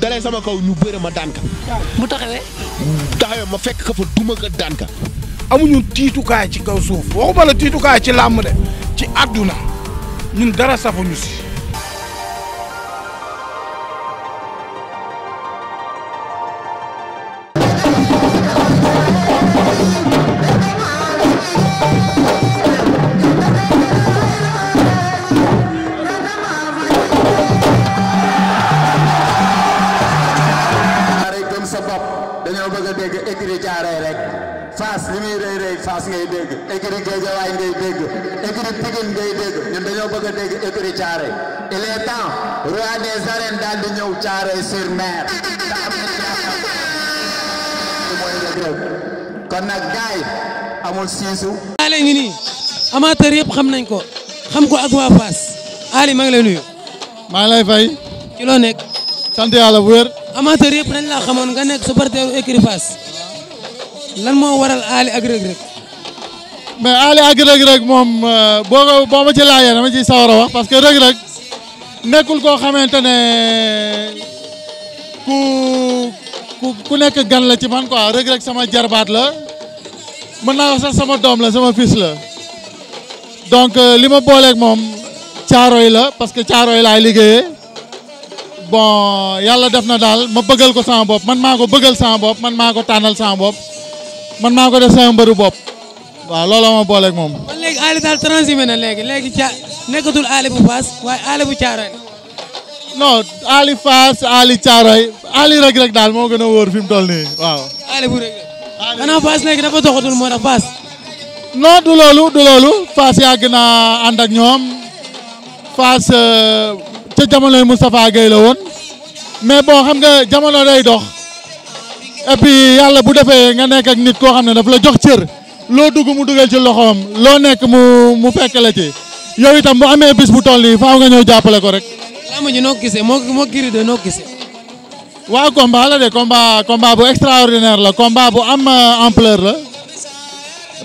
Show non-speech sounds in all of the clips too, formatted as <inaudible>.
dalee sama kaw ñu bëre ma daan ka. bu taxawee. taxawee ma fekk ka fa duma ka daan ka. amuñu tiitukaay ci kaw suuf waxuma la tiitukaay ci làmm de ci àdduna ñun dara safuñu si. Fass ngay dégg ñëw Thiaroye sur nag gaay amul siisu yëpp xam nañ ko xam ko ak waa Fass Ali maa lay nuyu maa lay fay ci loo nekk sant yàlla bu wér amateur yëpp dañ laa xamoon nga nekk supporteru écurie Fass lan moo waral Ali ak Reug mais Ali ak rëg-rëg moom euh, boo ko boo ma ci laajee ma ci sawar a wax parce que rëg-rëg nekkul koo xamante ne ku nekk gan la ci man quoi rëg-rëg sama jarbaat la mën naa wax sax sama doom la sama fils la donc euh, li ma booleeg moom caaro yi la parce que caaro yi laay liggéeye bon yàlla def na daal ma bëggal ko sama bopp man maa ko bëggal sama bopp man maa ko tànnal sama bopp man maa ko def sama mbaru bopp waaw looloo ma moom. kon léegi Aly Sall na léegi léegi ca nekkatul Aly bu Fass waaye Aly bu Caaroy. non Aly Fass Aly Caaroy Aly Reug Reug daal moo gën a wóor fi mu toll nii waaw. Aly bu Reug Reug. xanaa Fass léegi dafa doxatul moo tax Fass. non du loolu du loolu Fass yàgg naa ànd ak ñoom Fass euh, ca jamonoy Moustapha Gueye la woon mais bon xam nga jamono day dox et yàlla bu defee nga nekk ak nit koo xam ne daf la jox cër. loo dugg mu dugal ci loxoom loo nekk mu mu fekk la ci yow itam bu amee bis bu tol nii faaw nga ñëw jàppale ko rek. làmb ji noo gisee moo moo Gris de noo gisee. waaw combat la de combat bu extraordinaire la combat bu am euh, ampleur la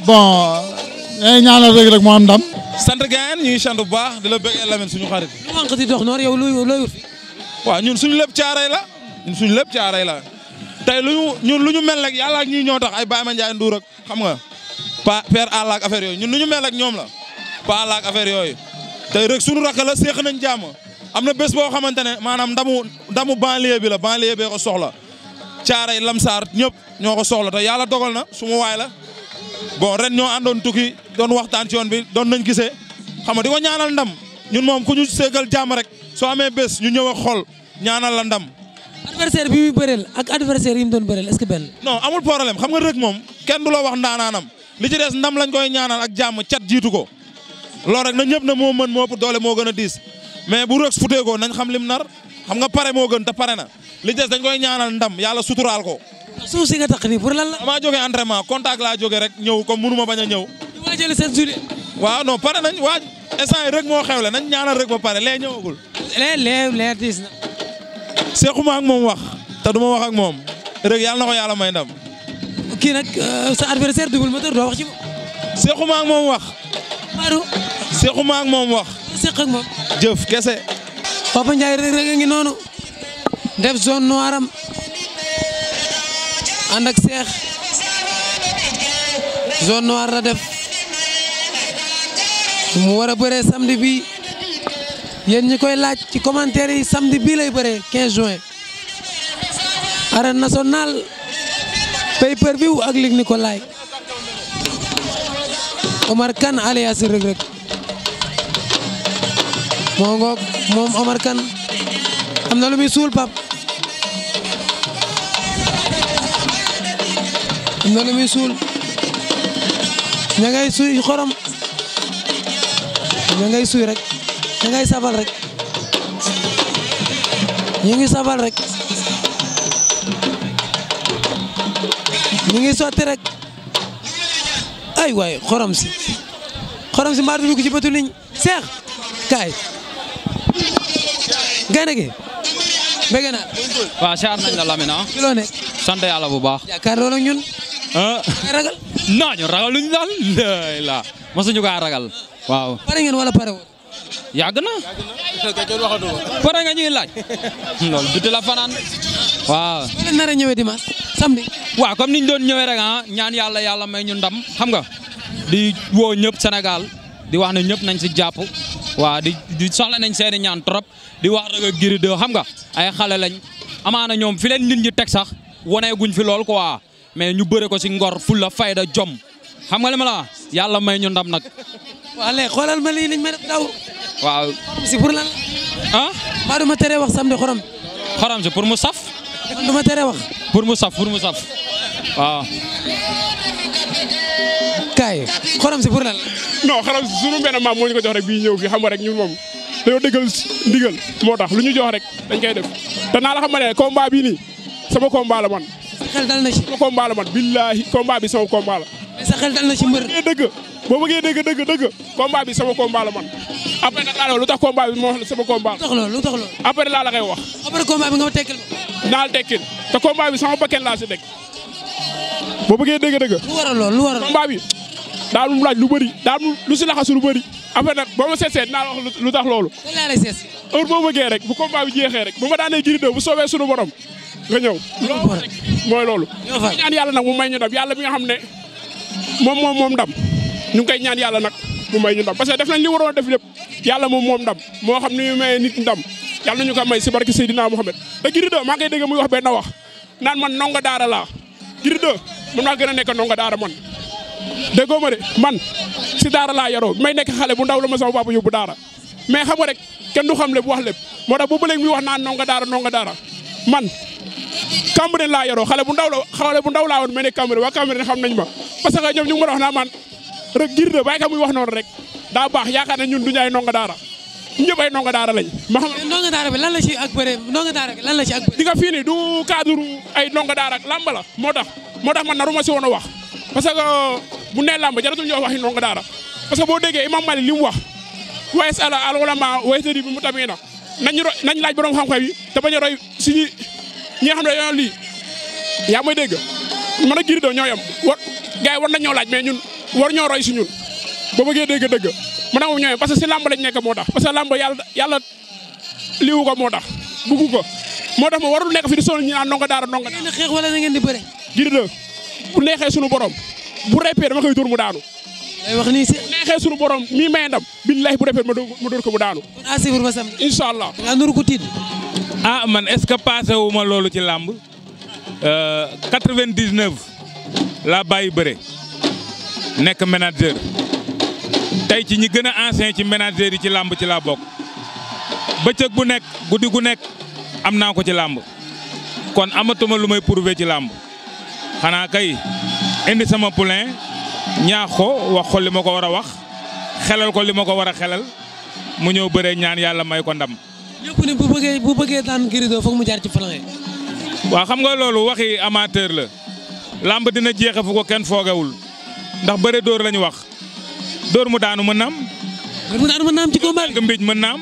bon ay eh, ñaanal rek rek mu am ndam. sant gaay ñu ngi sant bu baax di la bëggee Lamine suñu xarit. lu wànq di dox yow looy waaw ñun suñu lépp caaray la ñun suñu lépp caaray la tey lu ñu mel rek yàlla ak ñii ñoo tax ay Baye Mandiaye Ndour xam nga. pa père àll ak affaire yooyu ñun nu ñu mel ak ñoom la pa àll ak affaire yooyu tey rek suñu rakk la seex nañ jàmm am na bés boo xamante ne maanaam ndamu ndamu banlieue bi la banlieue bee ko soxla caaray lamsaar ñëpp ñoo ko soxla te yàlla dogal na su ma waay la bon ren ñoo àndoon tukki doon waxtaan ci yoon bi doon nañ gisee xam nga di ko ñaanal ndam ñun moom ku ñu seegal jàmm rek soo amee bés ñu ñëw ak xol ñaanal la ndam. adversaire bi muy bëreel ak adversaire yi mu doon bëreel est-ce moom li ci des ndam lañ koy ñaanal ak jàmm cat jiitu ko loolu rek na ñëpp na moo mën moo ëpp doole moo gën a diis mais bu Reug futeekoo nañ xam lim nar xam nga pare moo gën te pare na li des dañ koy ñaanal ndam yàlla suturaal ko. suuf si nga tax nii pour lan la. damaa jógee entraînement contact laa jógee rek ñëw comme mënu ma bañ a ñëw. waajal seen juillet. waaw non pare nañ waaj instant rek moo xewle nañ ñaanal rek ba pare lee ñëwagul. lee lee lee diis na. seexuma ak moom wax te du ma wax ak moom rek yàlla na ko yàlla may ndam. kii nag euh, sa adversaire Double Moteur doo wax ci moom. sequma moom wax. Madou. seq ak moom. jëf kese. Papa Ndiaye rek ngi noonu. def zone noire am. ànd ak seex. zone noire def. mu war a bëree samedi bii. yéen koy laaj ci commentaire yi samedi bii lay bëree 15 juin. arène nationale. pay per ak Luc Nicolaï Omar Kane alias Reug Reug moo ngoog moom Omar Kane am na lu mi suul pap am na lu mi suul ña ngay suy xorom ña ngay suy rek ña ngay sabal rek ñu ngi sabal rek ñu ngi sotti rek ay waay xorom si xorom si mbaa dugg ci bëtu liñ seex kaay gaynde gi bëgg naa waaw siyaar nañ la Lamina ah. ci loo nekk sant yàlla bu baax jàkkaarloo ak ñu ah. ragal la masuñu kaa ragal waaw pare ngeen wala pare woon yàgg na pare nga ñuy laaj <laughs> waaw nga leen a ñëwee dimanche samedi. comme ni ñu doon ñëwe rek ah ñaan yàlla yàlla may ñu ndam xam nga di woo ñëpp Sénégal di wax na ñëpp nañ si jàpp waaw di di soxla nañ seeni ñaan trop di wax rek ak Gris xam nga ay xale lañ amaana ñoom fi leen nit ñi teg sax waneeguñ fi lool ko quoi mais ñu bëre ko si ngor fulla fayda jom xam nga li la wax yàlla may ñu ndam nag. waaw léegi xoolal ma lii liñ ma def daw. waaw si pour lan. ah. maa duma teree wax samedi xorom. xorom si pour mu saf. du ma tere wax. pour mu saf pour mu saf waaw. kaay xorom si pour lan non xorom si ma benn maam moo ñu ko jox rek bi ñëw fi xam nga rek ñun moom dañoo dëggal moo tax lu ñu jox rek dañ koy def te naa la xam ne combat bii sama combat la man. sa xel dal na ci sama combat la man billaahi combat bi sama combat la. dëgg boo bëggee dëgg dëgg dëgg combat bi sama combat la man après wax lu tax combat bi moo wax sama combat wax. bi naal tekkil te combat bi sama bakkan laa si teg boo bëggee dëgg dëgg. lu waral lool lu waral combat bi daal mu laaj lu bëri daal lu si laxasu lu bëri après nag boo ma seet naa wax lu tax loolu. lan laa lay seet si. heure boo bëggee rek bu combat jeexee rek bu ma daanee giri bu soobee suñu borom nga ñëw. loolu mooy loolu. ñoo ñaan yàlla nag mu may ñu ndam yàlla bi nga xam ne moom moom moom ndam ñu ngi koy ñaan yàlla nag mu may ñu ndam parce que def nañ li waroon def lépp yàlla moom moom ndam moo xam ni may nit ndam yàlla nañu ko may si barke Seydina Mohamed te Girido maa ngi koy muy wax benn wax naan man ndongo daara laa Girido mën naa gën a nekk ndongo daara man déggoo ma man si daara laa yaroo may nekk xale bu ndaw la ma sama papa yóbbu daara mais xam nga rek kenn du xam lépp wax lépp moo da bu bëleeg mi wax naan ndongo daara ndongo daara man Cambérène laa yaroo xale bu ndaw la xale bu ndaw laa woon may nekk Cambérène waa Cambérène xam nañ ma parce que ñoom ñu ngi mën a naa man rek muy wax noonu rek daa baax yaakaar ne ñun du ñu ay ndongo daara ñëpp ay ndongo daara ma xam mais ndongo bi lan la ci ak bëre ndongo daara bi la du cadre ay ndongo daara moo tax moo tax man naru ma si woon a wax parce que bu nee làmb jaratul ñoo waxi ndongo daara parce que boo déggee imam Mali li mu wax wees ala al ulama waytari bi mu tamee na nañ nañ laaj borom xam-xam yi te bañ a roy suñu ñi nga xam ne lii yaa may dégg man a giri doo ñoo yam war gars yi war nañ laaj mais ñun war ñoo roy si ñun ba bëggee dégg dëgg mu ne ma ñëwee parce que si làmb lañ nekk moo tax parce que làmb yàlla yàlla liwu ko moo tax buggu ko moo tax ma warul nekk fi di sonal ñu naan ndongo daara ndongo daara. xeex wala na ngeen di bëre. Gris 2 bu sunu borom bu rëppee dama koy dóor mu daanu. day wax nii si. bu neexee borom mii may ndam billahi bu rëppee ma dóor ko mu daanu. kon asibur ba sam. incha allah. nga nuru ko tiit. ah man est ce que passé wu ma loolu ci làmb. 99 euh, laa bàyyi bëre nekk manager. tey ci ñi gën a ancien ci ménagères yi ci làmb ci laa bokk bëccëg bu nekk guddi gu nekk am naa ko ci làmb kon amatuma lu may prouver ci làmb xanaa kay indi sama poulain ñaax ko wax ko li ma ko war a wax xelal ko li ma ko war a xelal mu ñëw bëree ñaan yàlla may ko ndam. ñëpp ni bu bëggee bu bëggee daan girido foog mu jaar ci flanc waaw xam nga loolu waxi amateur la làmb dina jeexe fu ko kenn foogewul ndax bëre dóor lañu wax. dóor mu daanu ma naam. dóor mu daanu mën naam ci combat nga mbéj naam.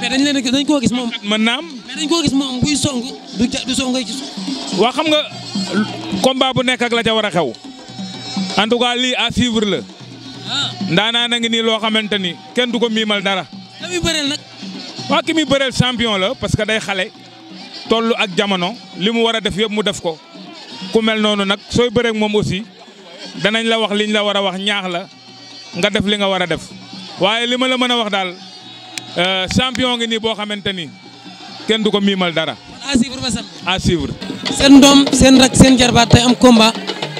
leen dañ koo gis moom. mën naam. dañ koo gis moom buy song du ja du waa xam nga combat bu nekk ak la ca war a xew. en tout cas lii à suivre la. Ah. ndaanaa a ngi nii loo xamante ni kenn du ko miimal dara. la muy nag. waa ki muy bëreel champion la parce que day xale. toll ak jamono li mu war a def yëpp mu def ko ku mel noonu nag sooy bëreeg moom aussi danañ la wax liñ la war a wax ñaax la. nga def li nga war a def waaye li ma la mën a wax daal euh, champion ngi nii boo xamante ni kenn du ko miimal dara. a suivre ba sax. à suivre. seen doom seen rak seen jarbaat te am combat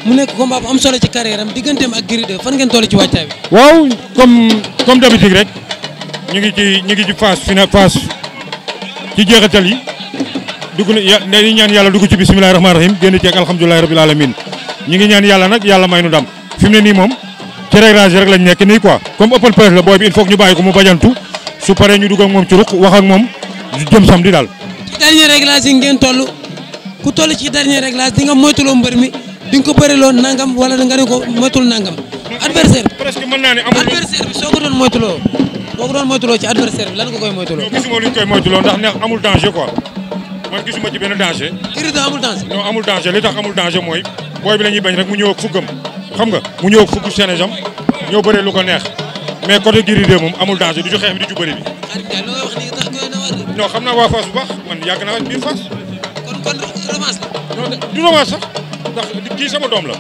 mu nekk combat bu am solo ci carrière am digganteem ak Gris 2 fan ngeen toll ci waajtaay bi. waaw comme comme d'habitude rek ñu ngi ci ñu ngi ci phase finale phase ci jeexatal yi dugg na ya dañuy ñaan yàlla dugg ci bisimilah rahmaani rahiim génn ci ak alhamdulilah rabil aalamiin ñu ngi ñaan yàlla nag yàlla may nu dam ci réglage rek lañ nekk nii quoi comme open press la booy bi il faut que ñu bàyyi ko mu bajantu su paree ñu dugg moom ci ruq wax ak moom jëm samedi daal. ci dernier réglage yi ngeen toll ku toll ci dernier réglage di moytuloo mbër mi di nga ko bëriloo nangam wala nga ne ko moytul nangam. adversaire naa ne amul adversaire bi soo ko doon moytuloo boo ko doon moytuloo ci adversaire bi lan koy moytuloo. ndax neex amul danger quoi man gisuma ci benn danger. irritant amul amul xam nga mu ñëw fukki sénégal ñëw bëre lu ko neex mais côté Gris 2 moom amul danger du ci xeex bi du ci bëre bi. non xam naa waa Fass bu baax man yàgg naa biir Fass. kon kon revanche la. non du revanche sax ndax kii sama doom la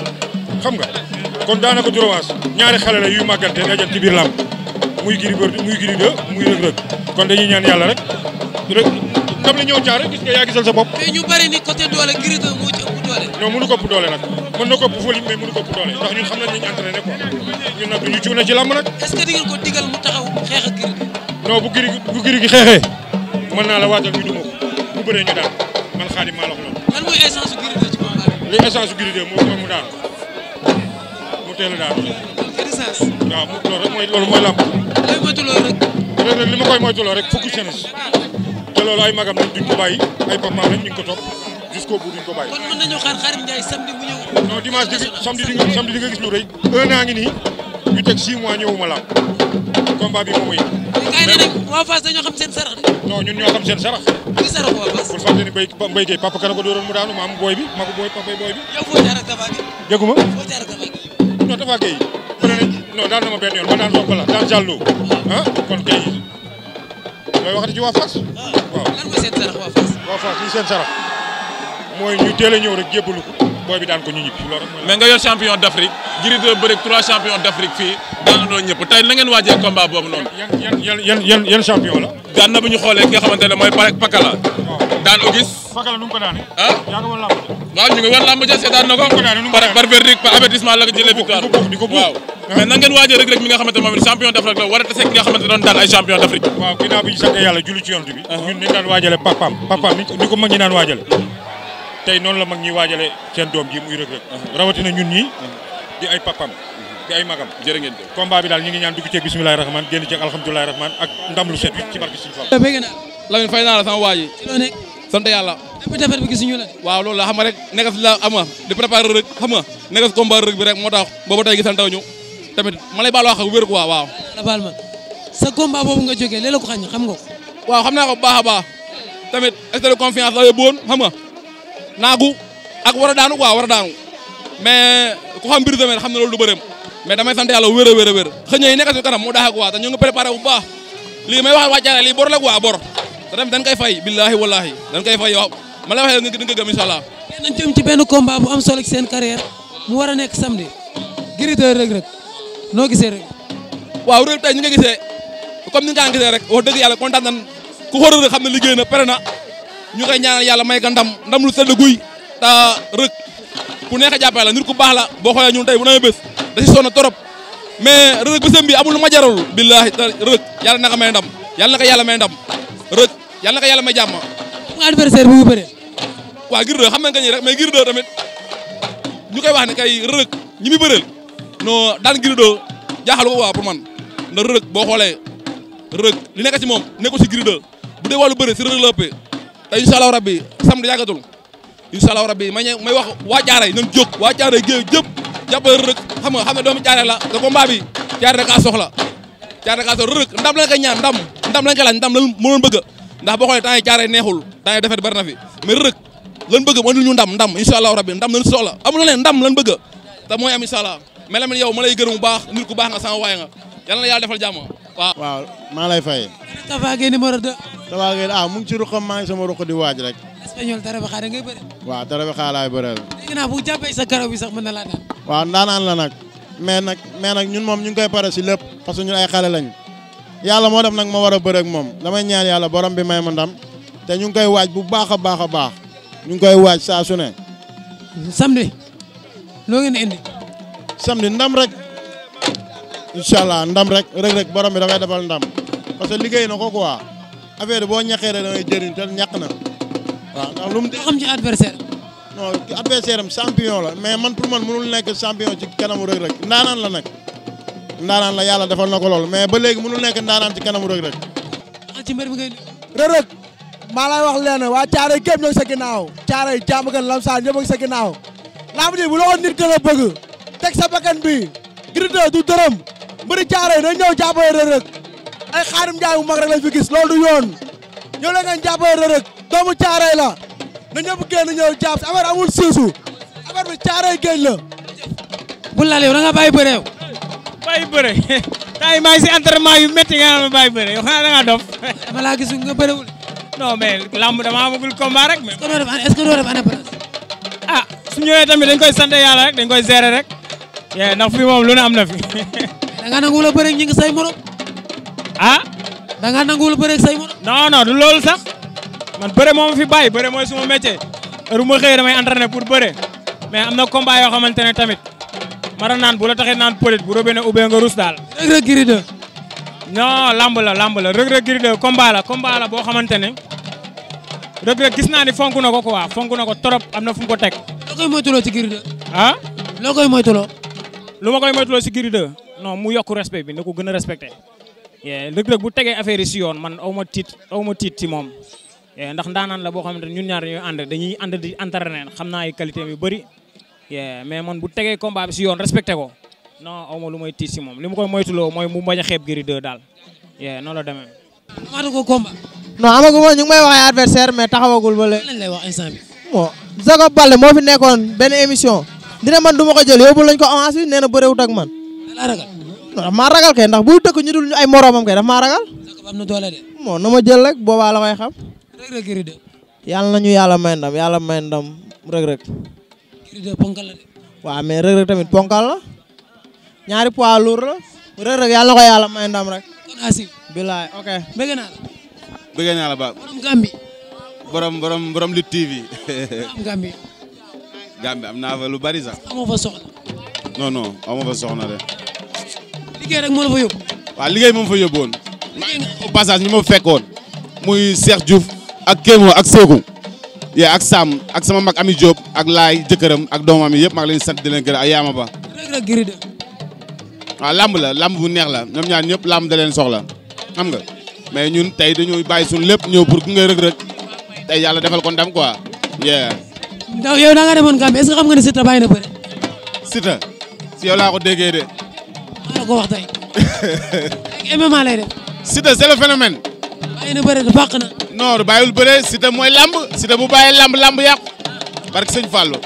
xam nga kon daanaka du revanche ñaari xale la yu màggante dajal ci biir làmb muy Gris 2 muy Gris 2 muy Reug Reug kon dañuy ñaan yàlla rek. tam li ñëw caare gis yaa gisal sa bopp. mais ñu bari ni côté doole Gris 2 ci ëpp doole. non mënu ko doole nag mën na ko ëpp fële mais mënu ko ëpp doole ndax ñun xam nañ ni ñu entraîné quoi ñun nag duñu cuune ci làmb nag. est-ce que di ngeen ko digal mu taxaw xeex ak Gris bu Gris bu Gris xeexee mën naa la waajal ñu duma ko bu bëree ñu daal man xaadim maa la ko loolu. lan mooy essence su Gris 2 ci bi. a daal. essence. waaw loolu mooy loolu mooy làmb. lay moytuloo rek. rek li te loolu ay magam nag duñ ko bàyyi ay papa lañ ñu ngi ko topp jusqu'au bout duñ ko bàyyi. kon mën nañu xaar Xarim Ndiaye samedi bu ñëw. non dimanche di samedi di nga samedi di nga gis lu rëy. un an ngi nii ñu teg 6 mois ñëwuma laam combat bi moom it. mais kay nag waa sarax. non ñun ñoo xam seen sarax. muy sarax waa Fass. pour fàtte ni béy mbéy kay papa kana ko mu daanu maam booy bi ma booy papa booy bi. yow foo jaar ak Tafa Gueye. déggu ma foo jaar ak daan na ma benn daan soppala daan ah, kon kay looy waxati ci waa Fass. seen sarax mooy ñu teel a ñëw rek bi daan ko ñu ñibbi loolu nga yor champion d' Afrique Gris 2 bëre trois champion d' Afrique fii daanandoo ñëpp tey noonu. ñu xoolee nga xamante mooy pare Pakala. daan Auguste. Pakala nu mu ah? ngi woon làmb ja. waaw ñu ngi woon làmb ja seetaan na ko. par par verdict par avertissement la ko jëlee mais na ngeen waajee rek rek mi nga xamante moom it champion d'Afrique la war a tase ki nga xamante doon daan ay champion d'Afrique waaw ginnaaw bi ñu sant yàlla julli ci yonent bi uh-huh. ñun ni daan waajale papaam papaam ni ko mag ñi daan waajale uh-huh. tey noonu la mag ñi waajale seen doom ji muy rek rek uh-huh. rawatina ñun ñi di ay papaam di bi daal ñu ngi ñaan dugg ci bismillahi rahman génn ci alhamdulillahi rahman ak ndam lu set ci barke suñu Fall la waa ji la waaw loolu la xam nga rek nekk la am di préparer rek xam nga nekk tamit ma lay baal wax ak wér quoi waaw. baal ma sa combat boobu nga jógee léeg la ko xañ xam nga ko. xam naa ko bu a baax tamit excès de confiance la yóbbuwoon xam nga naagu ak war a daanu quoi war a daanu mais ku xam mbir tamit xam na loolu du bëreem mais damay sant yàlla wér a na yi nekk si kanam mu daax ak waa te ñu ngi préparé bu baax lii may wax wàccaale lii bor la koy fay billahi wallahi dañ koy fay yow ma la waxee nga nga gëm allah. nañ jëm ci benn combat bu am sen ci seen carrière mu war a nekk noo gisee rek. waaw rëy tey ñu nga gisee comme ni nga daan rek dëgg yàlla kontaan nan ku ko xam ne liggéey na pare na ñu ka ñaanal yàlla may ka ndam ndam lu sedd guy te ku neex a jàppale la nit ku baax la boo xoolee ñun tey bu nawee bés da si sonn trop mais rëg bésam bi amul lu ma jarul billaahi te rëg yàlla na ko may ndam yàlla na ko yàlla may ndam rëg yàlla na ko yàlla may jàmm mu adversaire bi mu bëre waaw gir de xam nañ ko ñi rek mais gir de tamit ñu koy wax ne kay ñi muy bëreel non daan Gris 2 jaaxal ko waaw pour man ndax rëg boo xoolee rëg li nekk ci moom nekko ci Gris 2 bu dee wàllu bëri ci rëg la ëppee te incha allahu rabbi samedi yàggatul incha allahu rabbi may may wax waa Caaray nañ jóg waa Caaray géew jëpp jàppale rëg xam nga xam ne doomu Caaray la te combat bi Caaray da kaa soxla Caaray da kaa soxla rëg ndam lañ koy ñaan ndam ndam lañ koy laaj ndam lañ mënoon bëgg ndax boo xoolee temps yi Caaray neexul temps yi defet bari na fi mais rëg lan bëgg mo ñu ndam ndam incha allahu rabbi ndam lañ soxla amul leen ndam lañ bëgg te mooy am mais Lamine yow ma lay gërëm bu baax nit baax nga sama waay nga yàlla na yàlla defal jàmm waaw. waaw maa lay fay. Tapha Gueye numéro 2. Tapha Gueye ah mu ngi ci ruqam maa ngi sama ruq di waaj rek. espagnol dara ba xaar ngay bëri. waaw dara ba xaar laay bëreel. bu jàppee sa garab sax mën na laa waaw ndaanaan la nag mais nag mais nag ñun moom ñu ngi koy pare si lépp parce que ñun ay xale lañ yàlla moo dem nag ma war a bëre moom damay ñaan yàlla borom bi may ma ndam te ñu ngi koy waaj bu baax a baax a baax ñu ngi koy waaj saa su ne. samedi loo ngeen indi. samedi ndam rek incha allah ndam rek Reug Reug borom bi dafay defal ndam parce que liggéey na ko quoi affaire boo ñaqee rek da ngay jëriñ te ñaq na waaw ndax lu mu. xam ci adversaire. non adversaire am champion la mais man pour man mënul nekk champion ci kanamu Reug rek ndaanaan la nag ndaanaan la yàlla defal na ko lool mais ba léegi mënul nekk ndaanaan ci kanamu Reug Reug. ci mbir mi ngay. maa lay wax leen waa Caaroy képp ñoo ngi sa ginnaaw Caaroy jàmm ak Lamsaan ñëpp a ngi sa ginnaaw laa bu nit gën a teg sa bakkan bi Gris 2 du dërëm mbëri caare na ñëw jàppale ay xaarim njaay bu mag rek lañ fi gis loolu du yoon ñëw la ngeen jàppale Reug Reug doomu caare la na ñëpp génn ñëw jàpp si affaire amul siisu affaire bi caare géej la bu lal yow nga bàyyi bëre yow <laughs> bàyyi bëre temps <laughs> yi maa ngi si entraînement yu métti nga xam ne bàyyi da ngaa dof <laughs> ma laa ah su ñëwee tamit dañ koy sant yàlla rek dañ koy seere rek ndax fii moom lu ne am na fi. da nga wula a bëreeg ñi ngi say morom. ah. da nga nanguwul a bëreeg say morom. non non du loolu sax man bëre moom fi bàyyi bëre mooy suma métier heure bu ma xëyee damay entraîné pour bëre mais am na combat yoo xamante ne tamit mara naan bu la taxee naan pëlit bu robee ne nga rus daal. rëgg-rëgg Gris 2. non lamb la lamb la rëgg-rëgg Gris 2 combat la combat la boo xamante ne rëgg-rëgg gis naa ni fonk na ko quoi fonk na ko trop am na fu mu ko teg. ci Gris 2. ah. lu ma koy moytuloo si Gris 2 non mu yokk respect bi na ko gën a rëg-rëg bu tegee affaire si yoon man aw ma tiit aw ma tiit ci moom ndax ndaanaan la boo xamante ne ñu ñaar dañuy ànd dañuy ànd di entraîner xam na ay qualité yu bëri mais man bu tegee combat bi si yoon respecté ko no aw ma lu may tiit si moom li ma koy moytuloo mooy mu bañ a xeeb Gris 2 daal noonu la demee. amaatu ko combat. non amagu ma ñu ngi may wax adversaire mais taxawagul ba léegi. lan lay bi. bon Zago moo fi nekkoon benn émission. dina man du ma ko jël yóbbu lañ ko avance bi nee na bëréwut ak man daf maa ragal kay ndax buy dëkk ñu dul ñu ay moroomam kay daf maa ragal moo na ma jël rek boobaa la may xam yàlla nañu yàlla may ndam yàlla may ndam Reug Reug waaw mais Reug Reug tamit ponkal la ñaari poids lourd la Reug Reug yàlla na ko yàlla may ndam rek bilaay ok bëgg naa la bëgg naa la ba borom Gambi borom borom borom Lutte TV Gambi Gambie am na fa lu bari sax. amoo fa soxna. non non amoo fa soxna de. liggéey rek moo la fa yóbbu. waaw liggéey moom fa yóbbu woon. au ñu ma fekkoon. muy Cheikh Diouf ak Kémo ak Seeku. yee ak Sam ak sama mag Ami Diop ak Laay jëkkëram ak doomam yi yëpp maa ngi leen sant di leen gërëm ak Yaama Ba. waaw lamb la lamb bu neex la ñoom ñaar ñëpp lamb da leen soxla xam nga mais ñun tey dañuy bàyyi suñu lépp ñëw pour ku ngay rëg-rëg tey yàlla defal ko ndam quoi ndax yow da nga demoon Gambie est-ce que xam nga ne Siteu bàyyi na bëre. Siteu si laa ko déggee de. maa la ko wax tey. léegi MMA lay def. Siteu c'est le phénomène. na bëre du bàq na. non du bëre Siteu mooy lamb Siteu bu bàyyi lamb lamb yàqu barke sëñ Fallou.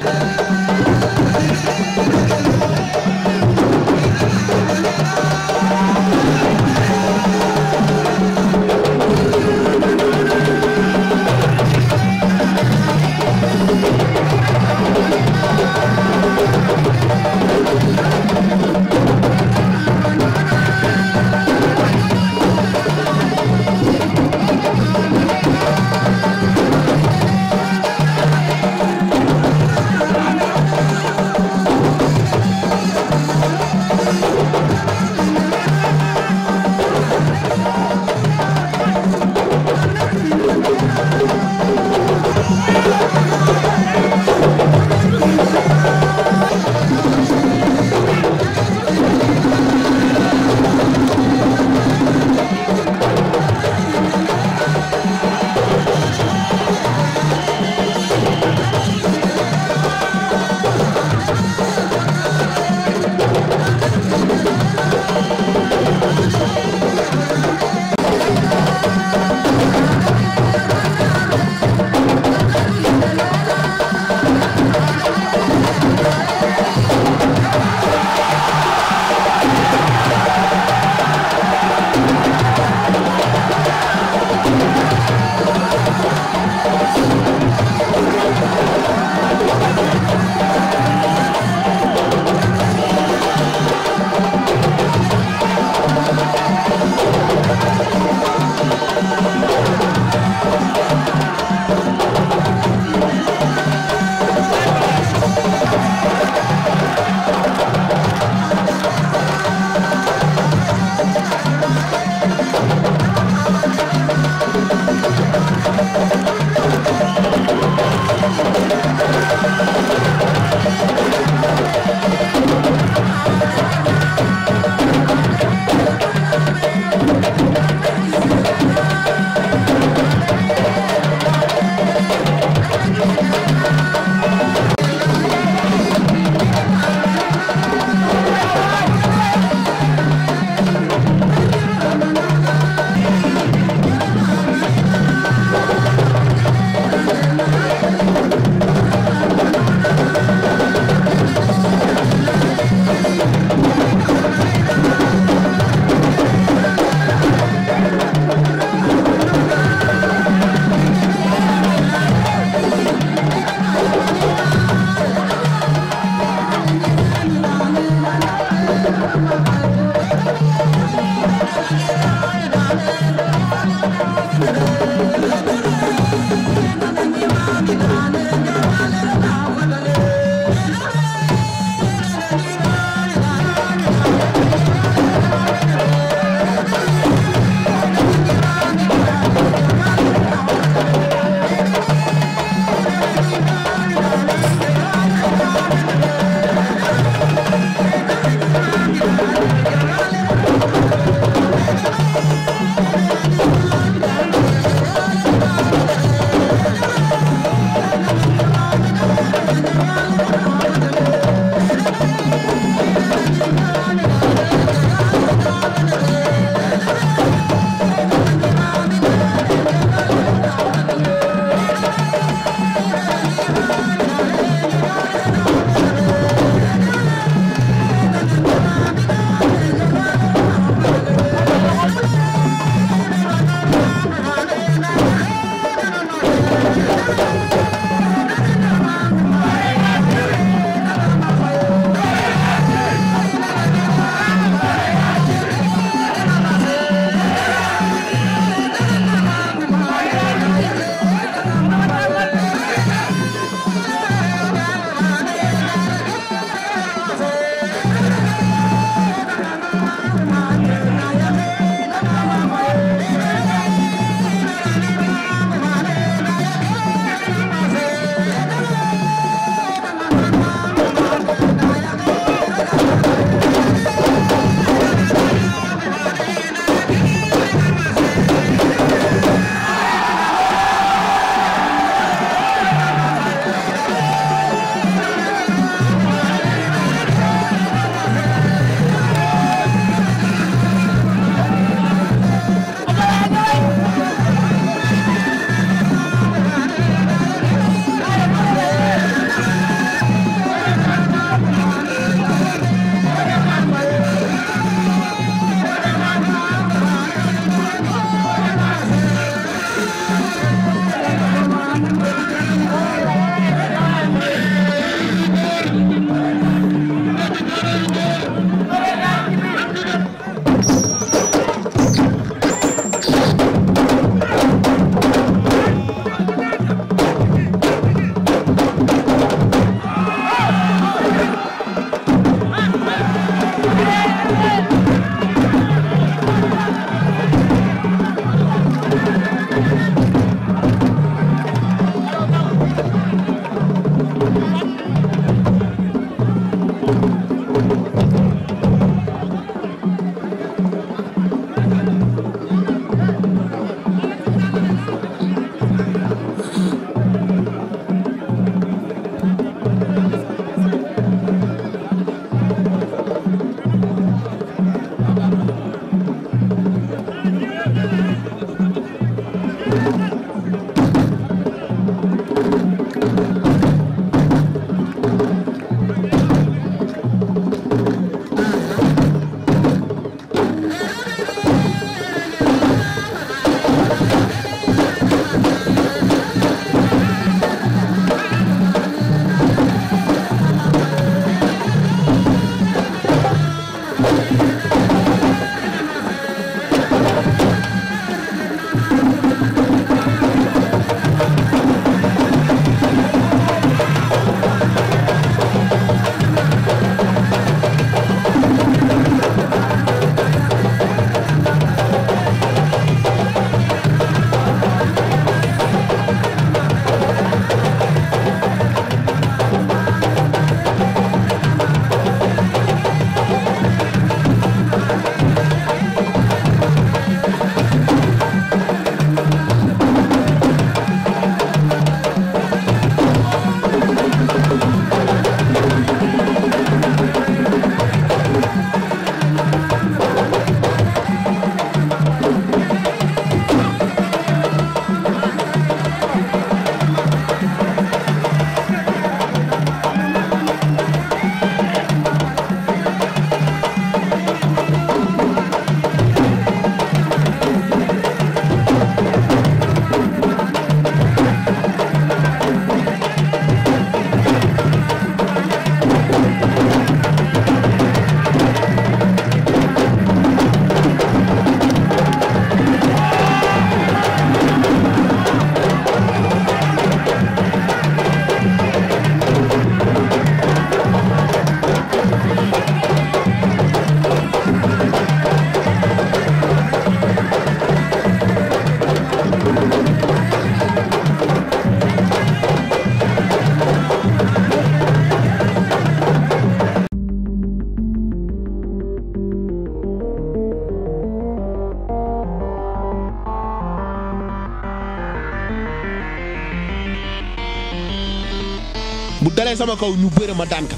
taxawee sama kaw ñu bëre ma daan ka.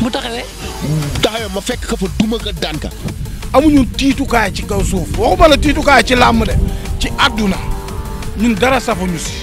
bu taxawee. taxawee ma fekk ka fa duma ka daan ka. amuñu tiitukaay ci kaw suuf waxuma la tiitukaay ci làmm de ci àdduna ñun dara safuñu